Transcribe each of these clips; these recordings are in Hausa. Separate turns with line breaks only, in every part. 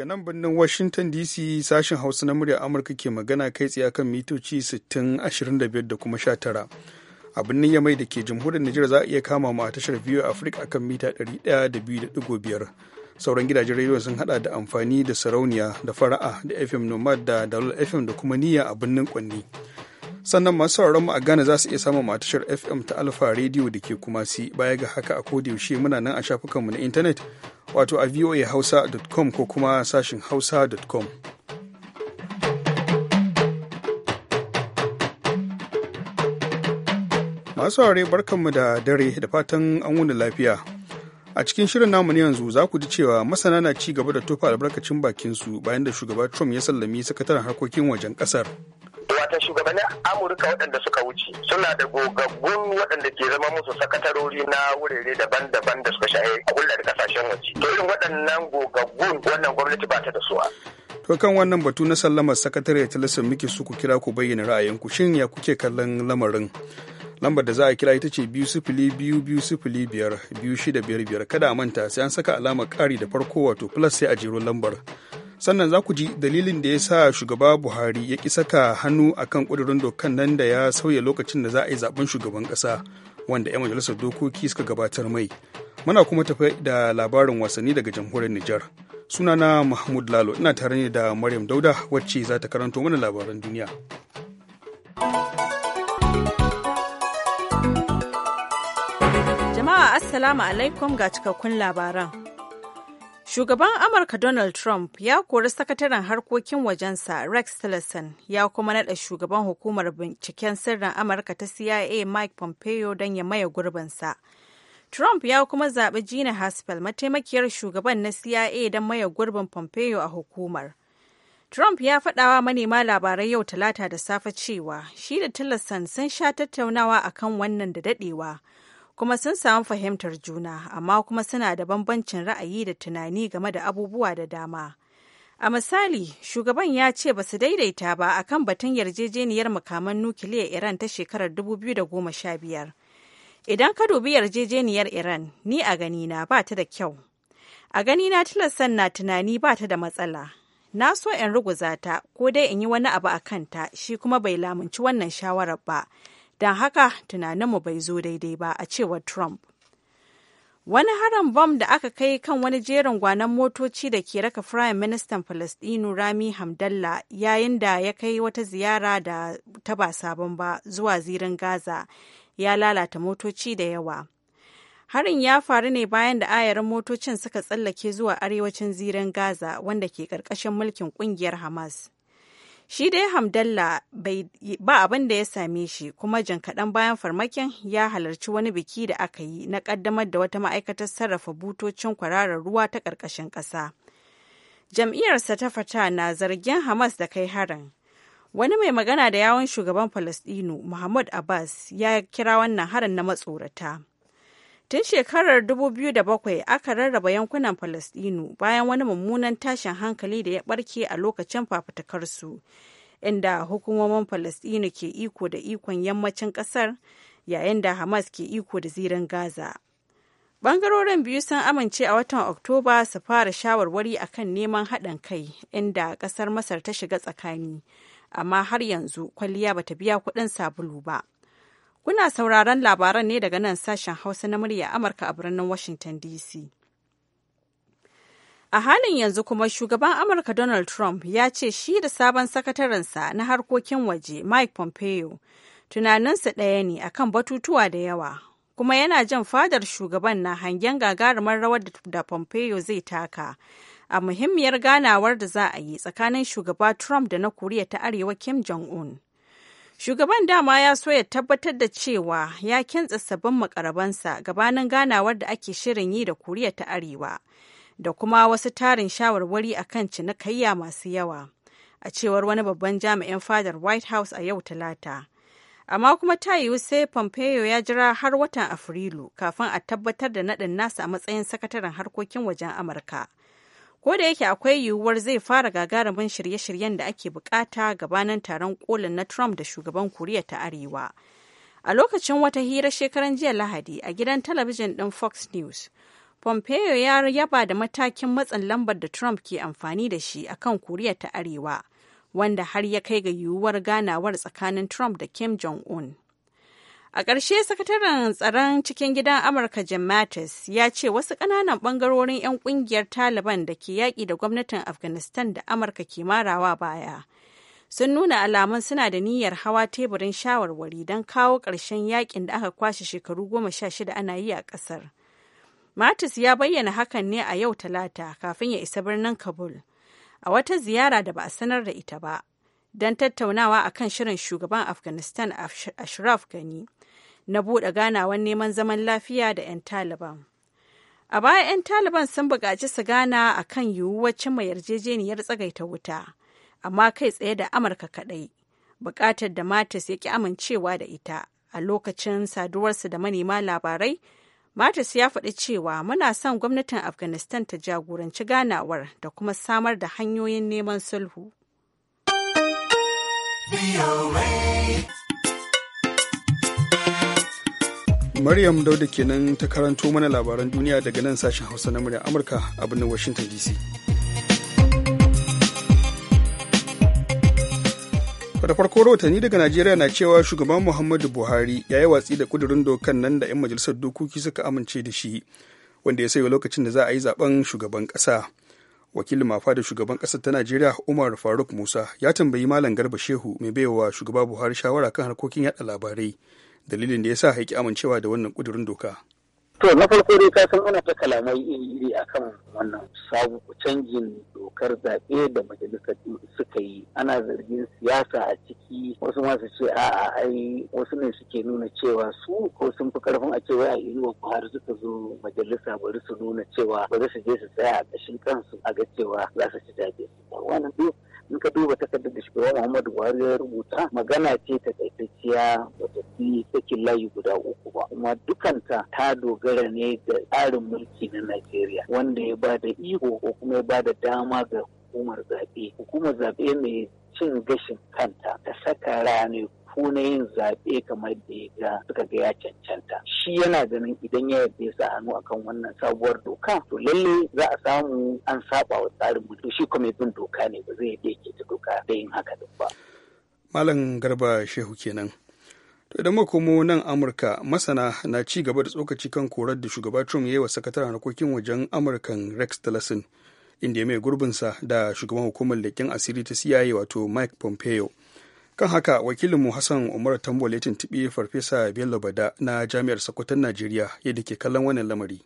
daga nan birnin Washington DC sashen Hausa na murya Amurka ke magana kai tsaye kan mitoci 6025 da kuma 19. A birnin Yamai da ke jamhuriyar Nijar za a iya kama mu a tashar biyu Afirka akan mita 102.5. Sauran gidajen rediyo sun hada da amfani da sarauniya da fara'a da FM Nomad da Dalol FM da kuma niyya a birnin Kwanni. sannan masu sauraron mu a Ghana za su iya samun matashar FM ta Alfa Radio da ke kuma si baya ga haka a yaushe muna nan a shafukanmu na intanet wato a voahausa.com ko kuma sashin hausa.com. Masu saurare barkanmu da dare da fatan an wuni lafiya. A cikin shirin namu ne yanzu za ku ji cewa masana na ci gaba da tofa albarkacin bakinsu bayan da shugaba Trump ya sallami sakataren harkokin wajen kasar.
wata shugabannin amurka waɗanda suka wuce suna da gogaggun waɗanda ke zama musu sakatarori na wurare daban-daban da suka shahe a da kasashen waje to irin waɗannan gogaggun wannan gwamnati ba ta da su
to kan wannan batu na sallamar sakatare ta lissan muke su ku kira ku bayyana ra'ayinku shin ya kuke kallon lamarin lambar da za a kira ita ce biyu sifili biyu biyu sifili biyar biyu shida biyar biyar kada a manta sai an saka alamar kari da farko wato plus sai a jero lambar sannan za ku ji dalilin da ya sa shugaba buhari ya ki saka hannu a kan ƙudurin dokan nan da ya sauya lokacin da za a yi zaben shugaban ƙasa wanda 'yan majalisar dokoki suka gabatar mai muna kuma tafi da labarin wasanni daga jamhuriyar nijar sunana mahmud lalo ina tare ne da maryam dauda wacce za ta karanto mana labaran duniya
jama'a assalamu alaikum ga cikakkun labaran Shugaban Amurka Donald Trump ya kori sakataren harkokin wajensa Rex Tillerson ya kuma naɗa shugaban hukumar binciken sirrin Amurka ta CIA Mike Pompeo don ya maye gurbinsa. Trump ya kuma zaɓi Gina Haspel mataimakiyar shugaban na CIA don maye gurbin Pompeo a hukumar. Trump ya faɗawa manema labarai yau talata da safe cewa shi da Tillerson sun sha tattaunawa akan wannan da daɗewa. kuma sun samu fahimtar juna amma kuma suna da bambancin ra'ayi da tunani game da abubuwa da dama a misali shugaban ya ce ba su daidaita ba akan batun yarjejeniyar makaman nukiliyar iran ta shekarar 2015 idan ka dubi yarjejeniyar iran ni a na ba ta da kyau a gani na tilastan na tunani ba ta da matsala na so in ruguza ta ko dai in yi wani abu a kanta shi kuma bai lamunci wannan shawarar ba don haka tunaninmu bai zo daidai ba a cewar trump wani harin bom da aka kai kan wani jerin gwanon motoci da ke raka firayim ministan falastinu rami hamdallah yayin da ya kai wata ziyara da ta ba sabon ba zuwa zirin gaza ya lalata motoci da yawa harin ya faru ne bayan da ayarin motocin suka tsallake zuwa arewacin zirin gaza wanda ke ƙarƙashin mulkin ƙungiyar hamas shi dai hamdalla ba abin da ya same shi kuma jin kaɗan bayan farmakin ya halarci wani biki da aka yi na ƙaddamar da wata ma'aikatar sarrafa butocin kwararar ruwa ta ƙarƙashin ƙasa jam'iyyarsa ta fata na zargin hamas da kai harin wani mai magana da yawon shugaban falasɗinu muhammad abbas ya kira wannan harin na matsorata Tun shekarar 2007 aka rarraba yankunan Falasɗinu bayan wani mummunan tashin hankali da ya ɓarke a lokacin fafutukarsu, inda hukumomin Falasɗinu ke iko da ikon yammacin ƙasar yayin da Hamas ke iko da zirin Gaza. Bangarorin biyu sun amince a watan Oktoba su fara shawarwari akan neman haɗin kai inda ƙasar Masar ta shiga tsakani, amma har yanzu kwalliya bata biya kuɗin sabulu ba. Kuna sauraron labaran ne daga nan sashen Hausa na murya Amurka a birnin Washington DC. A halin yanzu kuma shugaban Amurka Donald Trump ya ce shi da sabon sakatarensa na harkokin waje Mike Pompeo tunaninsa ɗaya ne akan batutuwa da yawa, kuma yana jan fadar shugaban na hangen gagarumar rawar da Pompeo zai taka. A muhimmiyar ganawar da za a yi tsakanin shugaba Trump da na Koriya ta Arewa Kim Jong-un. Shugaban dama ya so ya tabbatar da cewa ya kintsa sabbin makarabansa gabanin ganawar da ake shirin yi da kuriya ta Arewa da kuma wasu tarin shawarwari a kan cinikayya masu yawa. a cewar wani babban jami'in fadar white house a yau talata amma kuma ta yiwu sai pompeo ya jira har watan afrilu kafin a tabbatar da naɗin nasa a matsayin sakataren harkokin wajen amurka ko da yake akwai yiwuwar zai fara gagarumin shirye-shiryen da ake bukata gabanin taron kolin na trump da shugaban koriya ta arewa a lokacin wata hira shekaran jiya lahadi a gidan talabijin din fox news pompeo ya yaba da matakin matsin lambar da trump ke amfani da shi akan koriya ta arewa wanda har ya kai ga yiwuwar ganawar tsakanin trump da kim jong-un A ƙarshe sakataren tsaron cikin gidan Amurka Jim Mattis ya ce wasu ƙananan ɓangarorin 'yan ƙungiyar Taliban da ke yaƙi da gwamnatin Afghanistan da Amurka ke marawa baya. Sun nuna alamun suna da niyyar hawa teburin shawarwari don kawo ƙarshen yaƙin da aka kwashe shekaru goma sha shida ana yi a ƙasar. Mattis ya bayyana hakan ne a yau Talata kafin ya isa birnin Kabul. A wata ziyara da ba a sanar da ita ba, don tattaunawa a kan shirin shugaban afghanistan ashraf gani na buɗe ganawan neman zaman lafiya da 'yan taliban a baya 'yan taliban sun buƙaci su gana a kan yiwuwar cimma yarjejeniyar tsagaita wuta amma kai tsaye da amurka kaɗai buƙatar da matis ya ƙi amincewa da ita a lokacin saduwarsa da manema labarai matis ya faɗi cewa muna son gwamnatin afghanistan ta jagoranci ganawar da kuma samar da hanyoyin neman sulhu
Maryam Dauda kenan ta karanto mana labaran duniya daga nan sashen Hausa na murya Amurka a birnin Washington DC. da farko rahotanni daga najeriya na cewa shugaban muhammadu buhari ya yi watsi da kudurin dokan nan da 'yan majalisar dokoki suka amince da shi wanda ya sayo lokacin da za a yi zaben shugaban kasa wakilin mafa da shugaban ƙasar ta najeriya umar faruk musa ya tambayi malam garba shehu mai baiwa shugaba buhari shawara kan harkokin yada labarai dalilin da ya sa haƙi amincewa da wannan ƙudurin doka To na farko dai ka san ana ta kalamai
iri-iri akan wannan sabu canjin dokar zaɓe da majalisar suka yi ana zargin siyasa a ciki wasu masu ce a ai wasu ne suke nuna cewa su ko sun fi karfin a cewa a inuwa buhari suka zo majalisa bari su nuna cewa bari su je su tsaya a ƙashin kansu a ga cewa za su ci zaɓe. Wannan duk in ka duba takardar da shugaban muhammadu buhari ya rubuta magana ce ta taifaciya wata fi sakin layi guda uku ba kuma dukanta ta dogara ne da tsarin mulki na najeriya wanda ya ba da iko ko kuma ya ba da dama ga hukumar zaɓe hukumar zaɓe mai cin gashin kanta ta saka rane ko na yin zaɓe kamar da ya ga suka ga ya cancanta shi yana ganin idan ya yarda ya sa hannu akan wannan sabuwar doka to lalle za a samu an saba wa tsarin mutu shi kuma bin doka ne ba zai iya ke ta doka da yin haka ba.
Malam Garba Shehu kenan. To idan makomo nan Amurka masana na ci gaba da tsokaci kan korar da shugaba Trump ya yi wa sakataren harkokin wajen Amurkan Rex Tillerson inda ya mai gurbinsa da shugaban hukumar leƙen asiri ta CIA wato Mike Pompeo. kan haka wakilinmu hassan umar tambo ya tibi farfesa bello bada na jami'ar sokoton najeriya yadda ke kallon wannan lamari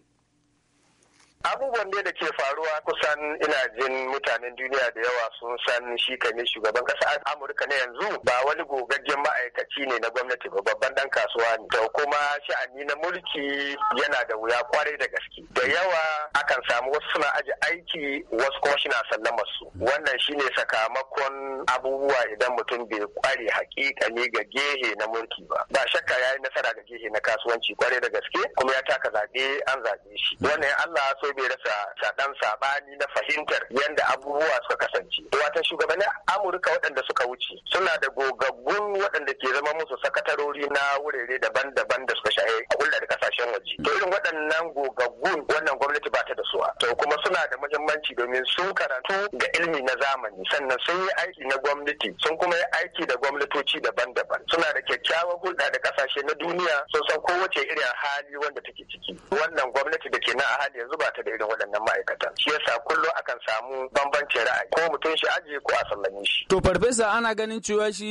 abubuwan ne da ke faruwa kusan ina jin mutanen duniya da yawa sun san shi kame shugaban kasa amurka na yanzu ba wani gogaggen ma'aikaci ne na gwamnati ba babban dan kasuwa ne da kuma sha'ani na mulki yana da wuya kwarai da gaske da yawa akan samu wasu suna aji aiki wasu kuma shi na sallama su wannan shine sakamakon abubuwa idan mutum bai kware hakika ne ga gehe na mulki ba ba shakka ya yi nasara ga gehe na kasuwanci kwarai da gaske kuma ya taka zaɓe an zaɓe shi wannan Allah so bai rasa saɗan saɓani na fahimtar yadda abubuwa suka kasance. Wata shugabannin Amurka waɗanda suka wuce suna da gogaggun waɗanda ke zama musu sakatarori na wurare daban-daban da suka shahe a hulɗa da kasashen waje. To irin waɗannan gogaggun wannan gwamnati ba ta da suwa. To kuma suna da muhimmanci domin sun karatu ga ilimi na zamani sannan sun yi aiki na gwamnati sun kuma yi aiki da gwamnatoci daban-daban. Suna da kyakkyawan hulɗa da kasashe na duniya sun san kowace irin hali wanda take ciki. Wannan gwamnati da ke na a hali yanzu ba ta da irin waɗannan ma'aikatan shi yasa kullum akan samu bambancin ra'ayi ko mutum shi aji ko a sallame shi
to farfesa ana ganin cewa shi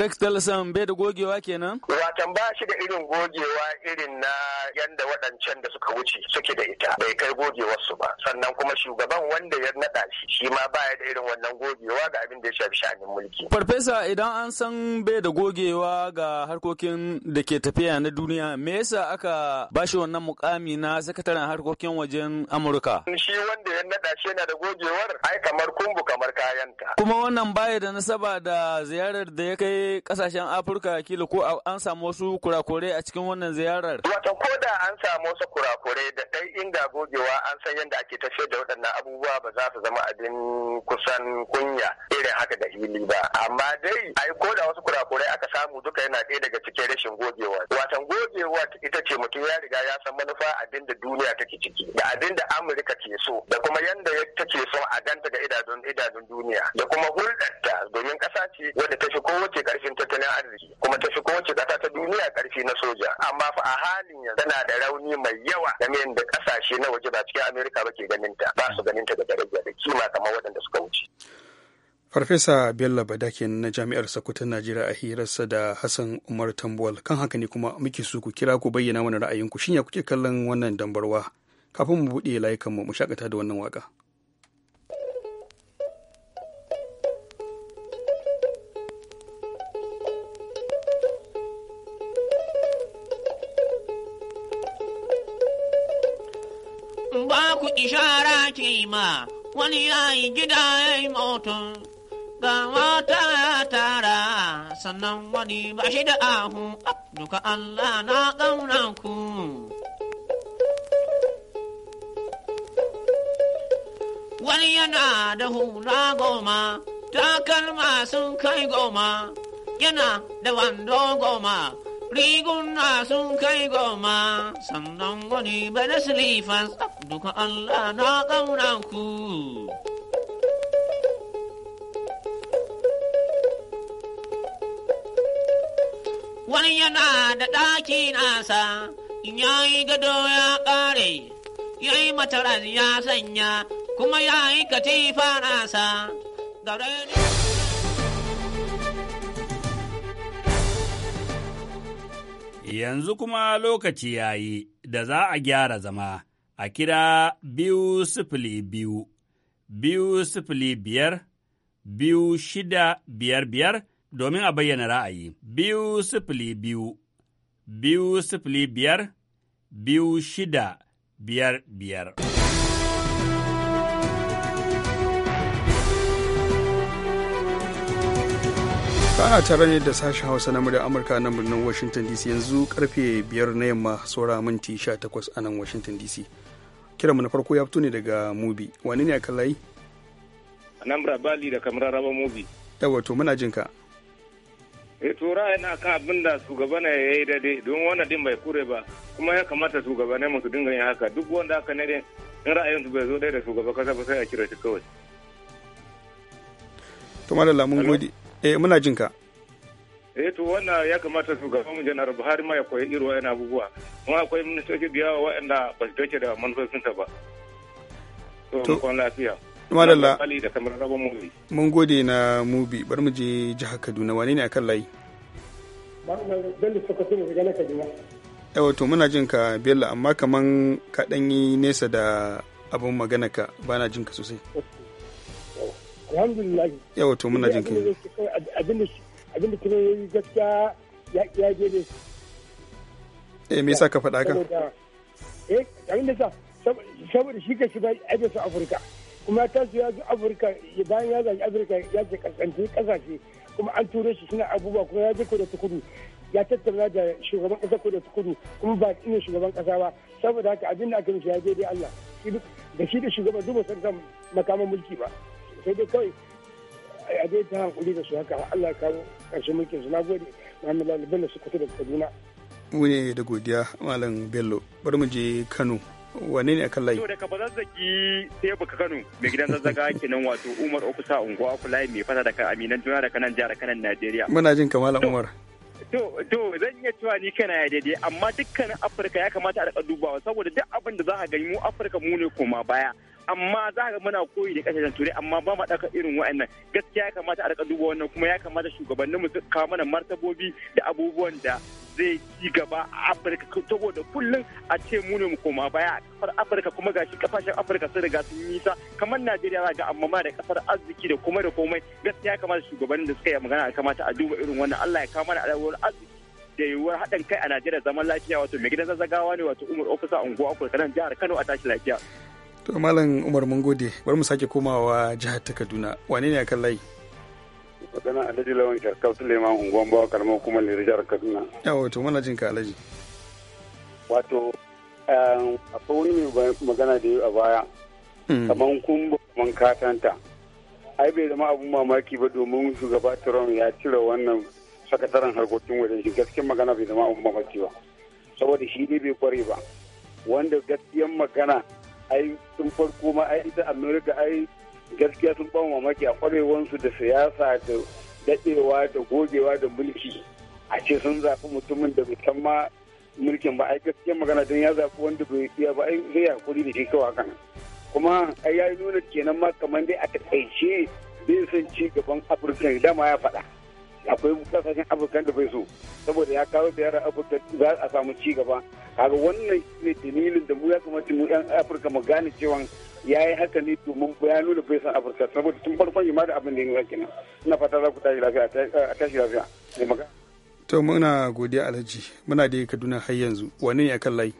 Rex Tillerson bai da gogewa kenan
watan ba shi da irin gogewa irin na yanda waɗancan da suka wuce suke da ita bai kai gogewar su ba sannan kuma shugaban wanda ya naɗa shi shi ma baya da irin wannan gogewa ga abin da ya shafi sha'anin mulki
farfesa idan an san bai da gogewa ga harkokin da ke tafiya na duniya me yasa aka bashi wannan mukami na sakataren harkokin
waje sojojin Amurka. Shi wanda ya naɗa shi yana da gogewar
ai kamar kumbu kamar kayanta. Kuma wannan baya da nasaba da ziyarar da ya kai kasashen Afirka kila ko an samu
wasu kurakure a cikin wannan ziyarar. Wata
ko da an samu wasu kurakurai da dai inda gogewa an san yadda ake tafiyar da waɗannan abubuwa ba za su zama abin kusan kunya irin haka da hili ba. Amma dai ai ko da wasu kurakurai aka samu duka yana ɗaya daga cikin rashin gogewa. Watan gogewa ita ce mutum ya riga ya san manufa abin da duniya take ciki. da abin da Amurka ke so da kuma yanda take so a ganta ga idanun idanun duniya da kuma hulɗarta domin ƙasa ce wadda ta fi kowace ƙarfin tattalin arziki kuma ta fi kowace ƙasa ta duniya ƙarfi na soja amma fa a halin yanzu tana da rauni mai yawa game da ƙasashe na waje ba cikin Amerika ba ke ganin ta ba su ganin ta da daraja da kima kamar waɗanda suka wuce.
Farfesa Bello Badakin na Jami'ar Sokoto Najeriya a hirarsa da Hassan Umar Tambuwal kan haka ne kuma muke su ku kira ku bayyana wani ra'ayinku shin ya kuke kallon wannan dambarwa kafin mu buɗe layukanmu mu shakata da wannan waka.
Ba ku ishara ke ma wani yayi gida ya yi motun, ga mata ya tara sannan wani ba shi da ahu, duka Allah na ƙaunar ku. wani yana da hula goma, takalma sun kai goma, yana da wando goma, riguna sun kai goma, sannan wani bada silifas, duka Allah na ƙaunanku. wani yana da ɗaki nasa, in yayi gado ya ƙare, yayi mataran ya sanya, kuma ya yi katifa sa gare ni.
Yanzu kuma lokaci ya yi da za a gyara zama a kira biyu sifili biyu, biyu sifili biyar, biyu shida biyar biyar domin a bayyana ra'ayi. Biyu sifili biyu, biyu sifili biyar, biyu shida biyar biyar. ana tare ne da sashen hausa na murya amurka nan birnin washington dc yanzu karfe biyar na yamma saura minti 18 a nan washington dc kiranmu na farko ya fito ne daga mubi wani ne a kan layi
anambra bali da kamar raba mubi
yawa to muna jin ka
e to ra'ayina kan abin da shugaba na ya yi daidai don wannan din bai kure ba kuma ya kamata shugaba ne musu dinga yin haka duk wanda aka ne in ra'ayin su bai zo dai da shugaba kasa ba sai a kira shi kawai
Tumar da lamun gode eh muna jin ka
eh to wannan ya kamata su shugaban janar buhari ma ya koyi irin wa'yan abubuwa kuma akwai ministoci da yawa wa'anda ba su dace da manufofin ta ba to kon lafiya
madalla mun gode na mubi bari mu je jihar kaduna wane ne akan layi yawa to muna jin ka bello amma kaman ka ɗanyi nesa da abin magana ka bana jin ka sosai alhamdulillah yawa to muna jin kai
abin da kuma yayi gaskiya ya je ne
eh me yasa ka faɗa ka
eh abin da sa saboda shi ka shiga aibe su Afirka kuma ta su ya zo Afirka bayan ya zaɓi Afirka ya ce kasance ƙasashe kuma an turo shi suna abubuwa kuma ya je ko da kudu ya tattauna da shugaban ƙasa ko da kudu kuma ba ina shugaban ƙasa ba saboda haka abin da aka mishi ya je dai Allah da shi da shugaban duk duba san makaman mulki ba sai dai kawai a dai ta hankuli da su haka Allah kawo ƙarshen mulkin su na gode Muhammad Lawal Bello su kusa da Kaduna.
Mune da godiya Malam Bello bari mu je Kano wane ne akan layi? ka
daga bazazzaki sai baka Kano mai gidan zazzaga kenan wato Umar Okusa unguwa ku layi mai fata daga Aminan Juna da kanan jihar kanan Najeriya.
Muna jin Malam Umar.
To, to zan iya cewa ni kana ya daidai amma dukkanin Afirka ya kamata a dubawa saboda duk abin da za a gani mu Afirka mu ne koma baya. amma za ka muna koyi da kasashen turai amma ba mu daka irin wa'annan gaskiya ya kamata a rika duba wannan kuma ya kamata shugabanninmu su kawo mana martabobi da abubuwan da zai ci gaba a afirka saboda kullum a ce mu ne mu koma baya kafar afirka kuma gashi kafashen afirka sun riga sun nisa kamar najeriya za ga amma da kafar arziki da kuma da komai gaskiya kamata shugabannin da suka yi magana kamata a duba irin wannan allah ya kawo mana alawar arziki da yiwuwar haɗin kai a najeriya zaman lafiya wato mai gidan zazzagawa ne wato umar ofisa unguwa kurkanan jihar kano a tashi lafiya
to malam umar mun gode bari mu sake komawa jihar ta kaduna wane ne akan layi
magana alhaji lawan shakar suleiman unguwan bawa karamar kuma ne jihar kaduna
yawo to mana jin ka alhaji
wato um, akwai wani mai magana da a baya hmm. kamar kun man katanta ai bai zama abun mamaki ba domin shugaba trump ya cire wannan sakataren harkokin wajen shi gaskiyar magana bai zama abun mamaki ba saboda shi ne bai kware ba wanda gaskiyar magana ai sun farko ma ai ita america ai gaskiya sun ban mamaki a kwarewansu da siyasa da dadewa da gogewa da mulki a ce sun zafi mutumin da bai san ma mulkin ba ai gaskiya magana don ya zafi wanda bai iya ba ai zai hakuri da shi kawa kan kuma ai ya nuna kenan ma kamar dai a takaice bai san ci gaban afirka dama ya faɗa. akwai kasashen afirka da bai so saboda ya kawo da yara afirka za a samu ci gaba kaga wannan ne dalilin da mu ya kamata mu yan afirka mu gane cewa ya yi haka ne domin ya nuna bai san afirka saboda tun farkon yi ma da abin da ya kenan ina fata za ku tashi lafiya a tashi lafiya mai magana.
to muna godiya alhaji muna da kaduna har yanzu wani ne akan layi.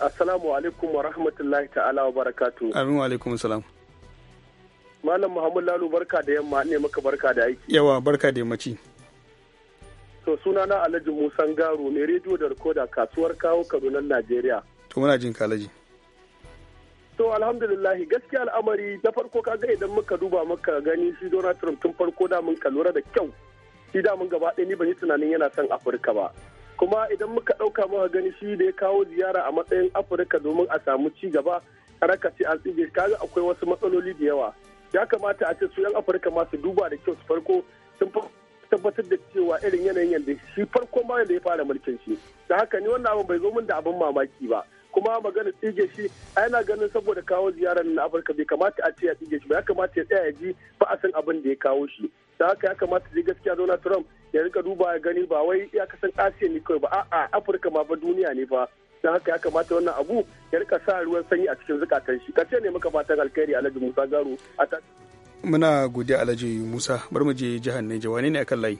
assalamu alaikum wa rahmatullahi ta'ala wa barakatu. amin
wa alaikum salam.
Malam Muhammad Lalu barka da yamma ne maka barka da aiki.
Yawa barka da yammaci.
To suna na Alhaji Musa Garo ne rediyo da rikoda kasuwar kawo Kaduna Najeriya.
To muna jin kalaji.
To alhamdulillah gaskiya al'amari da farko kaga idan muka duba muka gani shi Donald Trump tun farko da mun kalura da kyau. Shi da mun gaba ɗaya ni ban yi tunanin yana son Afirka ba. Kuma idan muka ɗauka muka gani shi da ya kawo ziyara a matsayin Afirka domin a samu ci gaba. Karaka ce an tsige kaga akwai wasu matsaloli da yawa. ya kamata a ce su 'yan afirka masu duba da kyau su farko sun tabbatar da cewa irin yanayin yadda shi farko ma da ya fara mulkin shi da haka ni wannan abin bai zo min da abin mamaki ba kuma magana tsige shi ana ganin saboda kawo ziyarar na afirka bai kamata a ce ya tsige shi ba ya kamata ya tsaya ji ba a san abin da ya kawo shi da haka ya kamata ji gaskiya donald trump ya rika duba ya gani ba wai ya kasan asiya ne kawai ba a'a afirka ma ba duniya ne ba don haka ya kamata wannan abu ya rika sa ruwan sanyi a cikin zukatan shi kace ne muka fatan alkhairi alhaji musa garu a ta
muna godiya alhaji musa bar mu je jihar neja wane ne akan layi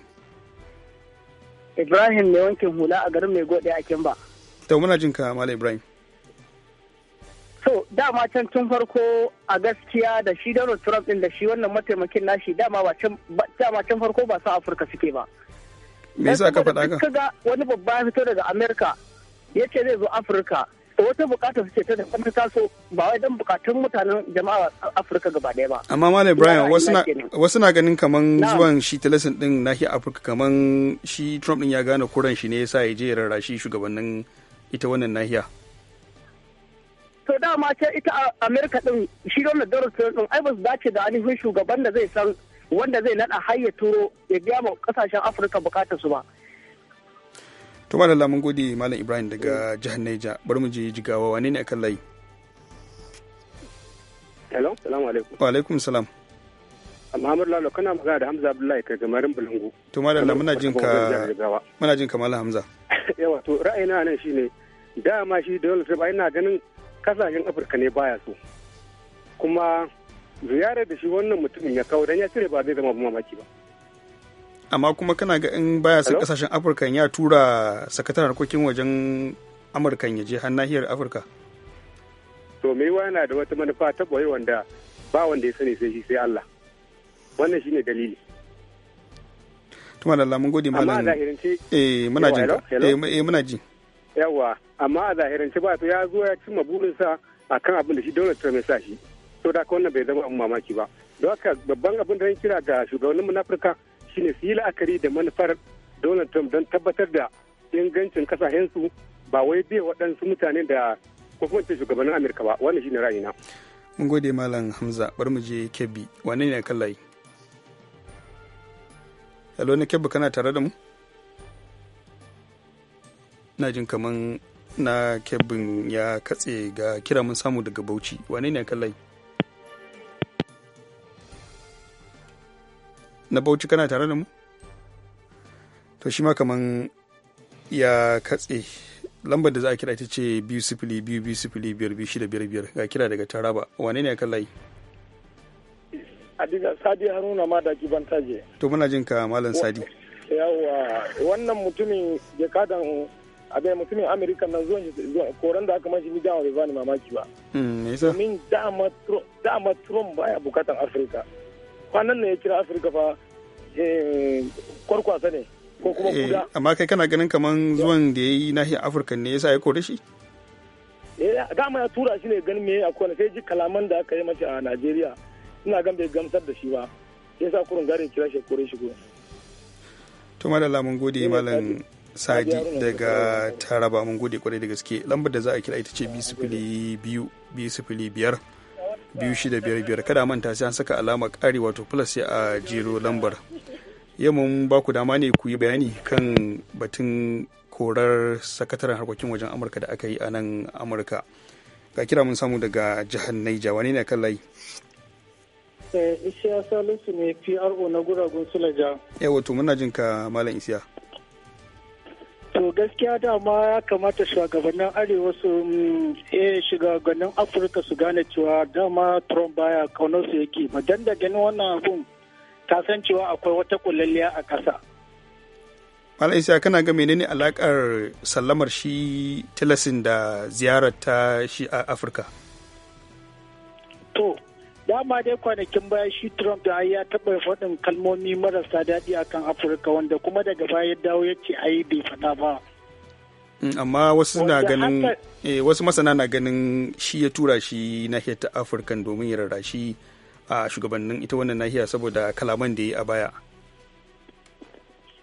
ibrahim mai
wankin hula a garin mai gode a kimba
to muna jin ka malam ibrahim
so dama can tun farko a gaskiya da shi donald trump din da shi wannan mataimakin nashi dama can farko ba su afirka suke ba
me yasa ka faɗa ka
wani babba ya fito daga amerika ya ce zai zo afirka to wata bukatar ce ta kuma ta so ba wai dan bukatun mutanen jama'a afirka gaba daya ba amma malam brian
wasu na ganin kaman zuwan shi talasin din nahiyar afirka kaman shi trump din ya gane kuran shi ne yasa ya je rarrashi shugabannin ita wannan nahiya
to dama ce ita amurka din shi donald donald din ai ba su dace da ainihin shugaban da zai san wanda zai naɗa har ya turo ya biya ma kasashen afirka bukatar su ba
to malalla mun gode malam ibrahim daga jihar naija bari mu je jigawa wane ne akan layi
hello salamu alaikum
wa alaikum salam
Muhammad Lalo kana magana da Hamza Abdullahi daga Marin Bulungu.
To Malalla muna jin ka muna jin ka Malam Hamza.
Yawa to ra'ayina nan shine dama shi Donald Trump ina ganin kasashen Afirka ne baya so. Kuma ziyarar da shi wannan mutumin ya kawo dan ya cire ba zai zama mamaki ba.
amma kuma kana ga in baya son kasashen afirka ya tura sakataren harkokin wajen amurka ya je har nahiyar afirka
to me yana da wata manufa ta boye wanda ba wanda ya sani sai shi sai Allah wannan shine dalili
tuma da mun gode malam amma zahirance eh muna jin eh, eh muna ji
yawa amma a zahirance ba to ya zo ya cimma burinsa akan abin da shi Donald Trump ya sa shi to da ka wannan bai zama mamaki ba don haka babban abin da ya kira ga shugabanninmu na Afirka shine su yi la'akari da manufar donald trump don tabbatar da ingancin kasashensu ba wai biya waɗansu mutane da ko shugabannin amurka ba wannan shine ra'ayina
mun gode malam hamza bar mu je kebbi wane ne kan layi hello na kebbi kana tare da mu na jin kaman na kebbin ya katse ga kira mun samu daga bauchi wane ne kan layi na bauchi kana tare da mu to shi ma kaman ya katse lambar da za a kira ita ce biyu sifili biyu biyu sifili biyar biyu shida biyar biyar ga kira daga taraba wane ne akan layi
adiga sadi haruna ma da kiban taje
to muna jin ka malam sadi
yawa wannan mutumin a abin mutumin amerika nan zuwa koran da aka mashi ni dama bai bani mamaki ba hmm, domin dama trump baya bukatan afirka kwanan ne ya kira afirka fa eh, kwarkwasa ne ko kuma eh, kuda
amma kai kana ganin kaman zuwan da ya yi nahiyar afirka ne yasa ya kore shi
eh, dama ya tura shi ne ganin me a kwana sai ji kalaman da aka yi mace a najeriya ina gan bai gamsar da shi ba ya sa kurin gare kira shi kore shi kuma
to mun gode malam sadi daga taraba mun gode kwarai da gaske lambar da za a kira ita ce biyu sifili biyu biyu fili biyar biyu biyar biyar kada manta sai an saka alamar ƙari wato plus sai a jero lambar yamma mun ba ku dama ne ku yi bayani kan batun korar sakataren harkokin wajen amurka da aka yi a nan amurka ga kira mun samu daga jihar naija wani ne kan layi
eh, isiya salisu ne
pro na guragun sulaja
yawa to muna jin ka malam isiya
to gaskiya dama ya kamata shugabannin arewa su mm, eh, shiga ganin afirka su gane cewa dama trump baya kaunar su yake ba dan ganin wannan abun ta san cewa akwai wata kulalliya a ƙasa.
Mala Isa kana ga menene alakar sallamar shi tilasin da ziyarar ta shi a Afirka?
To, dama dai kwanakin baya shi trump da ya taɓa faɗin kalmomi marasa daɗi akan afirka wanda kuma daga baya ya dawo ya ce ai bai faɗa
ba mm, amma wasu na ganin eh, wasu masana na ganin shi ya tura shi nahiyar ta afirka domin ya rarrashi a shugabannin ita wannan nahiya saboda kalaman da ya yi a baya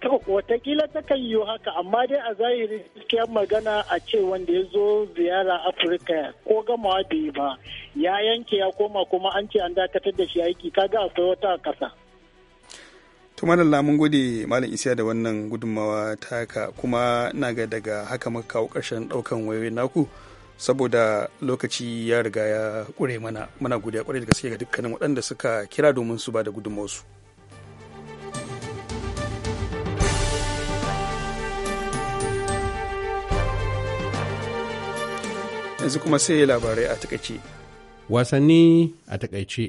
To, watakila takan yiwu haka, amma dai a zahiri gaskiyar magana a ce wanda ya zo ziyara Afirka ko gamawa bai yi ba, ya yanke ya koma kuma an ce an dakatar da shi aiki, kaga akwai wata kasa ƙasa.
to malalla mun gode malam isiya da wannan gudunmawa ta haka kuma na ga daga haka maka kawo ƙarshen daukan wayoyin naku saboda lokaci ya riga ya ƙure mana mana godiya ƙwarai da gaske ga dukkanin waɗanda suka kira domin su ba da gudunmawarsu. su yanzu kuma sai labarai a takaice wasanni a takaice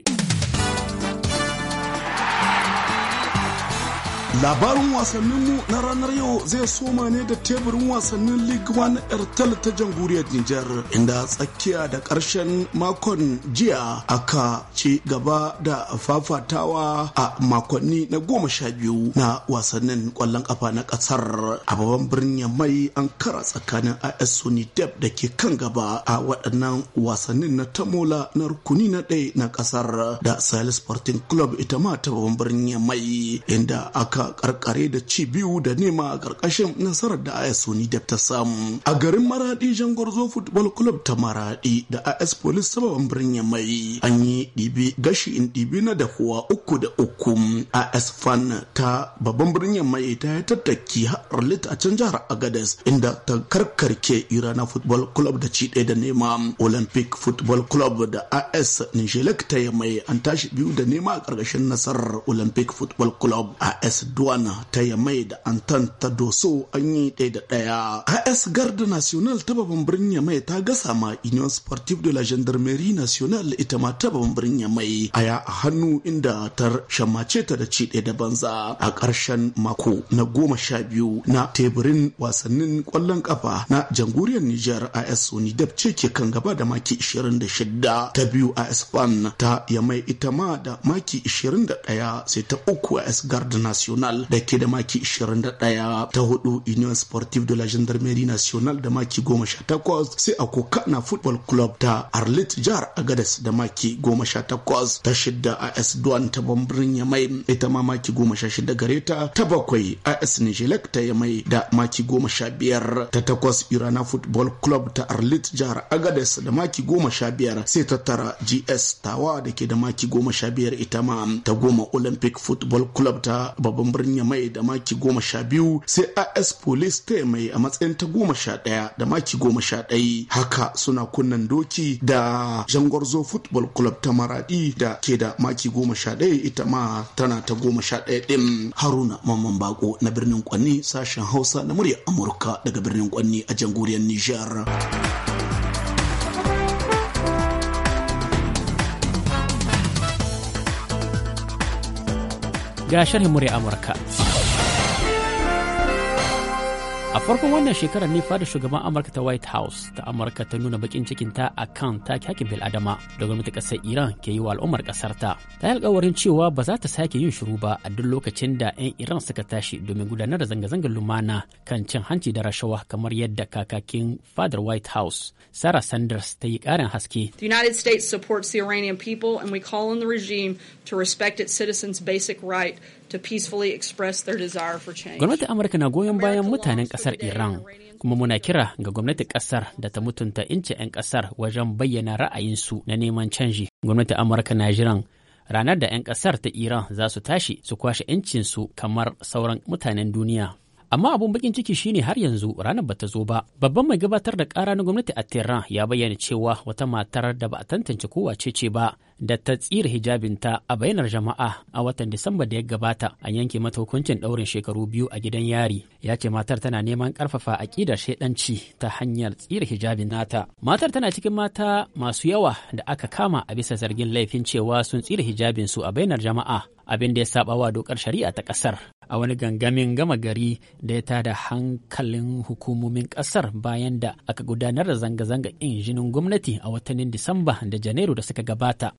Labarin wasanninmu na ranar yau zai soma ne da teburin wasannin League One Airtel ta jamhuriyar Nijar inda tsakiya da ƙarshen makon jiya aka ci gaba da fafatawa a makonni na goma sha biyu na wasannin ƙwallon ƙafa na ƙasar a babban birnin mai an kara tsakanin AS Sunidep da ke kan gaba a waɗannan wasannin na tamola na rukuni na ɗaya na ƙasar da Sahel Sporting Club ita ma ta babban birnin mai inda aka suka karkare da ci biyu da nema a karkashin nasarar da AS Sony ta samu. A garin Maradi Jangwarzo Football Club ta Maradi da AS Police sababan birnin mai an yi ɗibi gashi in ɗibi na dahuwa uku da uku. AS Fan ta babban birnin mai ta yi tattaki har a can jihar Agadez inda ta karkarke Irana Football Club da ci ɗaya da nema. Olympic Football Club da AS Nijelek ta yi mai an tashi biyu da nema a karkashin nasarar Olympic Football Club AS Duwana ta Yamai da Antan ta Doso an yi ɗaya da ɗaya. AS Garda National ta babban birnin Yamai ta gasa ma Union Sportive de la Gendarmerie National ita ma ta babban birnin Yamai aya a hannu inda tar shammace ta da ci ɗaya da banza a ƙarshen mako na goma sha biyu na teburin wasannin ƙwallon ƙafa na jamhuriyar Nijar AS Unidab ce ke kan gaba da maki 26 ta biyu AS Fan ta Yamai ita ma da maki 21 sai ta uku AS Garda National Nacional da ke da maki 21 ta hudu union sportive de la gendarmerie national da maki 18 sai koka na football club ta arlit jihar agadas da maki 18 ta shidda as duan ta bambirin yamai ita ma maki 16 gare ta ta bakwai as nijelek ta yamai da maki 15 ta takwas irana football club ta arlit jihar agadas da maki 15 sai ta tara gs tawa da ke da maki 15 ita ma ta goma olympic football club ta babban birnin mai da maki goma sha biyu sai AS Police ta Yamai a matsayin ta goma sha ɗaya da maki goma sha ɗaya. Haka suna kunnan doki da Jangwarzo Football Club ta Maradi da ke da maki goma sha ɗaya ita ma tana ta goma sha ɗaya ɗin. Haruna Mamman Bako na birnin Kwanni sashen Hausa na murya Amurka daga birnin Kwanni a jamhuriyar Nijar.
ga sharhin murya Amurka. a farkon wannan shekarar ne fada shugaban amurka ta white house ta amurka ta nuna bakin cikinta a kan take hakin bil'adama da gwamnati kasar iran ke yi wa al'ummar kasar ta ta yi alkawarin cewa ba za ta sake yin shiru ba a duk lokacin da 'yan iran suka tashi domin gudanar da zanga-zangar lumana kan cin hanci da rashawa kamar yadda kakakin fadar white house sarah sanders ta yi karin haske
the united states supports the iranian people and we call on the regime to respect its citizens basic right to peacefully express their desire for change.
Gwamnatin Amurka na goyon bayan mutanen ƙasar Iran kuma muna kira ga gwamnatin ƙasar da ta mutunta inci 'yan ƙasar wajen bayyana ra'ayinsu na neman canji. Gwamnatin Amurka na jiran ranar da 'yan ƙasar ta Iran za su tashi su kwashe incinsu kamar sauran mutanen duniya. amma abun bakin ciki shine har yanzu ranar ba ta zo ba babban mai gabatar da kara na gwamnati a tehran ya bayyana cewa wata matar da ba a tantance kowa ce ce ba da ta tsira hijabinta a bayanar jama'a a watan Disamba da ya gabata a yanke mata hukuncin ɗaurin shekaru biyu a gidan yari. Ya ce matar tana neman ƙarfafa aƙidar shaidanci ta hanyar tsira hijabin nata. Matar tana cikin mata masu yawa da aka kama a bisa zargin laifin cewa sun tsira hijabin su a bainar jama'a abin da ya saba wa dokar shari'a ta ƙasar. A wani gangamin gama gari da ya tada hankalin hukumomin ƙasar bayan da aka gudanar da zanga-zanga injinin gwamnati a watannin Disamba da Janairu da suka gabata.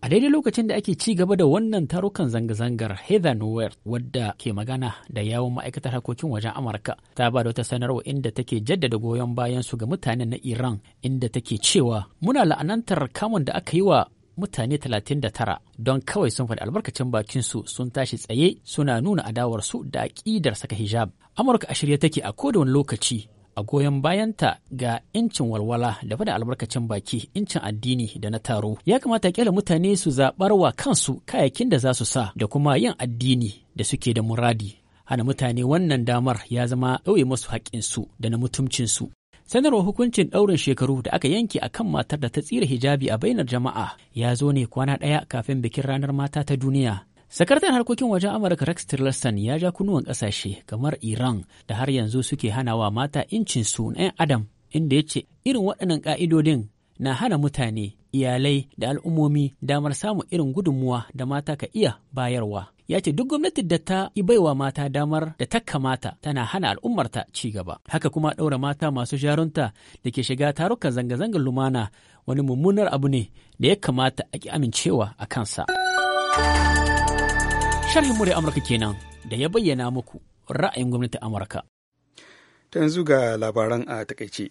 A daidai lokacin da ake ci gaba da wannan tarukan zanga-zangar Heather Nowhere wadda ke magana da yawon ma'aikatar harkokin wajen Amurka ta ba da wata sanarwa inda take jaddada goyon bayan su ga mutane na Iran inda take cewa muna la'anantar kamun da aka yi wa mutane 39 don kawai sun faɗi albarkacin bakinsu sun tashi tsaye suna nuna adawarsu da aƙidar saka hijab. Amurka a shirye take a kowane lokaci a goyon bayanta ga incin walwala da fada albarkacin baki incin addini da na taro ya kamata kyala mutane su zaɓar wa kansu kayakin da za su sa da kuma yin addini da suke da muradi hana mutane wannan damar ya zama ɗauye masu haƙƙinsu da na mutumcinsu sanarwar hukuncin ɗaurin shekaru da aka yanke a kan matar da ta tsira hijabi a bainar jama'a ya zo ne kwana ɗaya kafin bikin ranar mata ta duniya Sakataren harkokin wajen Amurka Rex Tillerson ya ja kunuwan ƙasashe kamar Iran da har yanzu suke hana wa mata incin su 'yan Adam inda ya ce irin waɗannan ƙa'idodin na hana mutane, iyalai da al'ummomi damar samun irin gudunmuwa da mata ka iya bayarwa. Ya ce duk gwamnati da ta yi baiwa mata damar da ta kamata tana hana al'ummarta ci gaba. Haka kuma ɗaura mata masu jarunta da ke shiga tarukan zanga-zangar lumana wani mummunar abu ne da ya kamata a ki amincewa a kansa. Sharhin murya Amurka kenan da ya bayyana muku ra'ayin gwamnatin Amurka.
Ta yanzu ga labaran a takaice.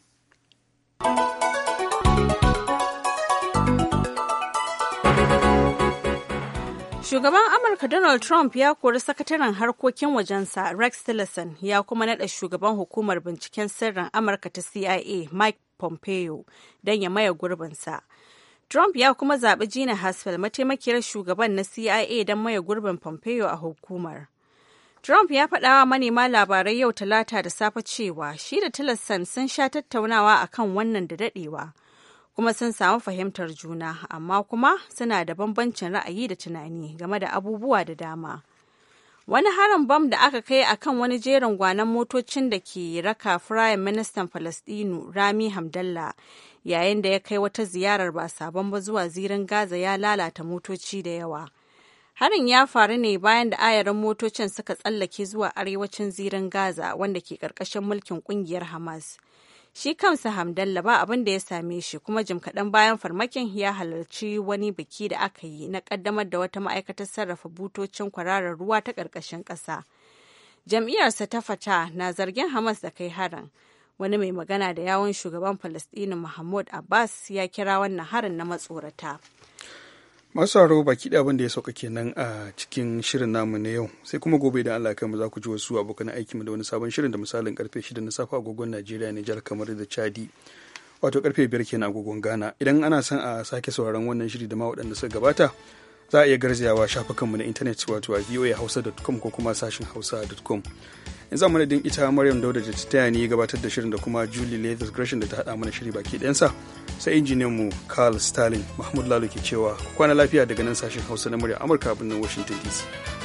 Shugaban Amurka Donald Trump ya kori sakataren harkokin wajensa Rex Tillerson ya kuma naɗa shugaban hukumar binciken sirrin Amurka ta CIA Mike Pompeo don ya maye gurbinsa. Trump ya kuma zaɓi Gina Haspel mataimakiyar shugaban na CIA don maye gurbin Pompeo a hukumar. Trump ya faɗawa manema labarai yau talata da safe cewa shi da Tillerson sun sha tattaunawa a kan wannan da daɗewa, kuma sun samu fahimtar juna, amma kuma suna da bambancin ra'ayi da tunani game da abubuwa da dama. Wani harin bam da aka kai a kan wani jerin gwanon motocin da ke raka Firayim Ministan Falastinu Rami hamdalla yayin da ya kai wata ziyarar ba sabon ba zuwa zirin Gaza ya lalata motoci da yawa. Harin ya faru ne bayan da ayaran motocin suka tsallake zuwa arewacin zirin Gaza wanda ke ƙarƙashin mulkin ƙungiyar Hamas. shi kansa hamdalla ba abin da ya same shi kuma jim kaɗan bayan farmakin ya halarci wani biki da aka yi na ƙaddamar da wata ma'aikatar sarrafa butocin kwararar ruwa ta ƙarƙashin ƙasa jam'iyyarsa ta fata na zargin hamas da kai harin wani mai magana da yawon shugaban falasɗinu mahmud abbas ya kira wannan harin na matsorata
masu haro baki da abin da ya sauka kenan a cikin shirin namu na yau sai kuma gobe da Allah kai mu za ku ji wasu abokan aikinmu da wani sabon shirin da misalin karfe 6 na safa agogon Najeriya Nijar kamar da Chadi wato karfe biyar kenan agogon Ghana idan ana son a sake sauraron wannan shiri da ma waɗanda suka gabata za a iya garzayawa shafukanmu na intanet wato a hausa.com ko kuma sashin hausa.com in za madadin ita maryam dauda da ta taya ni gabatar da shirin da kuma julie leathers gresham da ta haɗa mana shiri baki ɗansa sai injiniyan mu carl stalin mahmud lalo ke cewa kwana lafiya daga nan sashin hausa na murya amurka a birnin washington dc